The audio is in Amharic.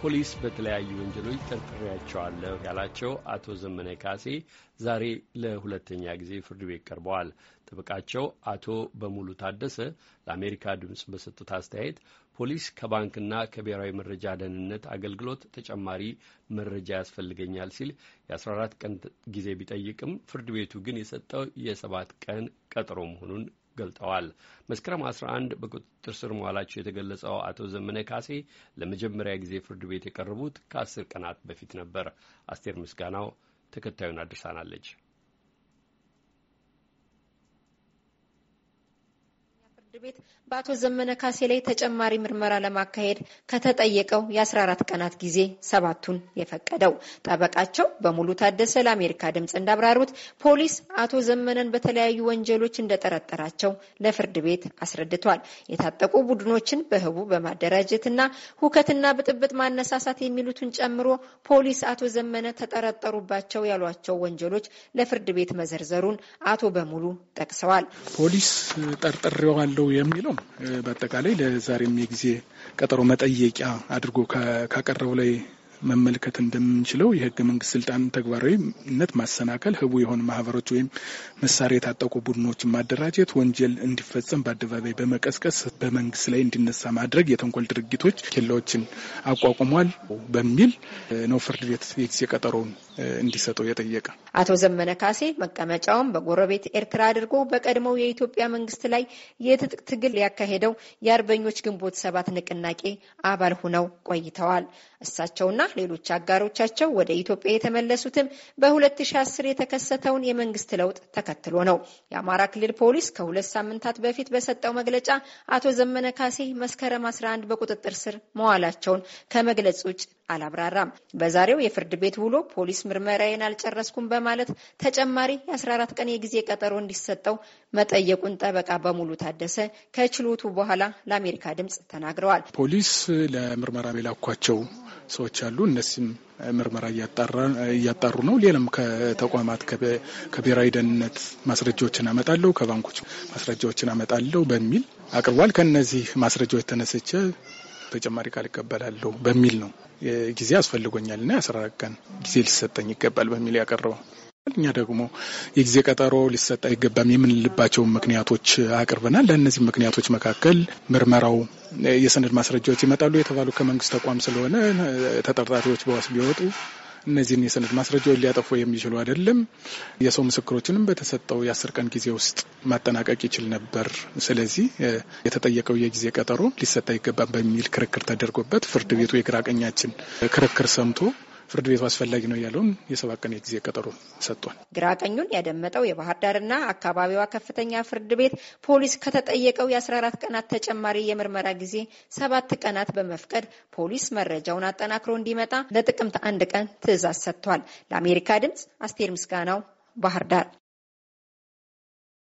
ፖሊስ በተለያዩ ወንጀሎች ጠርጥሬያቸዋለሁ ያላቸው አቶ ዘመነ ካሴ ዛሬ ለሁለተኛ ጊዜ ፍርድ ቤት ቀርበዋል። ጥብቃቸው አቶ በሙሉ ታደሰ ለአሜሪካ ድምፅ በሰጡት አስተያየት ፖሊስ ከባንክና ከብሔራዊ መረጃ ደህንነት አገልግሎት ተጨማሪ መረጃ ያስፈልገኛል ሲል የ14 ቀን ጊዜ ቢጠይቅም ፍርድ ቤቱ ግን የሰጠው የሰባት ቀን ቀጠሮ መሆኑን ገልጠዋል። መስከረም 11 በቁጥጥር ስር መዋላቸው የተገለጸው አቶ ዘመነ ካሴ ለመጀመሪያ ጊዜ ፍርድ ቤት የቀረቡት ከአስር ቀናት በፊት ነበር። አስቴር ምስጋናው ተከታዩን አድርሳናለች። ፍርድ ቤት በአቶ ዘመነ ካሴ ላይ ተጨማሪ ምርመራ ለማካሄድ ከተጠየቀው የ14 ቀናት ጊዜ ሰባቱን የፈቀደው ጠበቃቸው በሙሉ ታደሰ ለአሜሪካ ድምፅ እንዳብራሩት ፖሊስ አቶ ዘመነን በተለያዩ ወንጀሎች እንደጠረጠራቸው ለፍርድ ቤት አስረድቷል። የታጠቁ ቡድኖችን በህቡ በማደራጀት እና ሁከትና ብጥብጥ ማነሳሳት የሚሉትን ጨምሮ ፖሊስ አቶ ዘመነ ተጠረጠሩባቸው ያሏቸው ወንጀሎች ለፍርድ ቤት መዘርዘሩን አቶ በሙሉ ጠቅሰዋል። ፖሊስ ጠርጥሬዋለሁ ናቸው የሚለው በአጠቃላይ ለዛሬም የጊዜ ቀጠሮ መጠየቂያ አድርጎ ካቀረቡ ላይ መመልከት እንደምንችለው የህገ መንግስት ስልጣን ተግባራዊነት ማሰናከል፣ ህቡ የሆኑ ማህበሮች ወይም መሳሪያ የታጠቁ ቡድኖችን ማደራጀት፣ ወንጀል እንዲፈጸም በአደባባይ በመቀስቀስ በመንግስት ላይ እንዲነሳ ማድረግ፣ የተንኮል ድርጊቶች ኬላዎችን አቋቁሟል በሚል ነው ፍርድ ቤት የጊዜ ቀጠሮውን እንዲሰጠው የጠየቀ። አቶ ዘመነ ካሴ መቀመጫውን በጎረቤት ኤርትራ አድርጎ በቀድሞው የኢትዮጵያ መንግስት ላይ የትጥቅ ትግል ያካሄደው የአርበኞች ግንቦት ሰባት ንቅናቄ አባል ሆነው ቆይተዋል። እሳቸውና ሌሎች አጋሮቻቸው ወደ ኢትዮጵያ የተመለሱትም በ2010 የተከሰተውን የመንግስት ለውጥ ተከትሎ ነው። የአማራ ክልል ፖሊስ ከሁለት ሳምንታት በፊት በሰጠው መግለጫ አቶ ዘመነ ካሴ መስከረም 11 በቁጥጥር ስር መዋላቸውን ከመግለጽ ውጭ አላብራራም። በዛሬው የፍርድ ቤት ውሎ ፖሊስ ምርመራዬን አልጨረስኩም በማለት ተጨማሪ የ14 ቀን የጊዜ ቀጠሮ እንዲሰጠው መጠየቁን ጠበቃ በሙሉ ታደሰ ከችሎቱ በኋላ ለአሜሪካ ድምጽ ተናግረዋል። ፖሊስ ለምርመራ የላኳቸው ሰዎች አሉ። እነዚህም ምርመራ እያጣሩ ነው። ሌላም ከተቋማት ከብሔራዊ ደህንነት ማስረጃዎችን አመጣለሁ፣ ከባንኮች ማስረጃዎችን አመጣለሁ በሚል አቅርቧል። ከነዚህ ማስረጃዎች ተነስቼ ተጨማሪ ቃል ይቀበላለሁ በሚል ነው ጊዜ አስፈልጎኛል የአስራ አራት ቀን ጊዜ ሊሰጠኝ ይገባል በሚል ያቀረበው። እኛ ደግሞ የጊዜ ቀጠሮ ሊሰጥ አይገባም የምንልባቸውን ምክንያቶች አቅርበናል። ለእነዚህ ምክንያቶች መካከል ምርመራው፣ የሰነድ ማስረጃዎች ይመጣሉ የተባሉ ከመንግስት ተቋም ስለሆነ ተጠርጣሪዎች በዋስ ቢወጡ እነዚህን የሰነድ ማስረጃዎች ሊያጠፉ የሚችሉ አይደለም። የሰው ምስክሮችንም በተሰጠው የአስር ቀን ጊዜ ውስጥ ማጠናቀቅ ይችል ነበር። ስለዚህ የተጠየቀው የጊዜ ቀጠሮ ሊሰጥ አይገባም በሚል ክርክር ተደርጎበት ፍርድ ቤቱ የግራቀኛችን ክርክር ሰምቶ ፍርድ ቤቱ አስፈላጊ ነው ያለውን የሰባ ቀን የጊዜ ቀጠሮ ሰጥቷል። ግራቀኙን ያደመጠው የባህር ዳርና አካባቢዋ ከፍተኛ ፍርድ ቤት ፖሊስ ከተጠየቀው የ14 ቀናት ተጨማሪ የምርመራ ጊዜ ሰባት ቀናት በመፍቀድ ፖሊስ መረጃውን አጠናክሮ እንዲመጣ ለጥቅምት አንድ ቀን ትዕዛዝ ሰጥቷል። ለአሜሪካ ድምፅ አስቴር ምስጋናው ባህር ዳር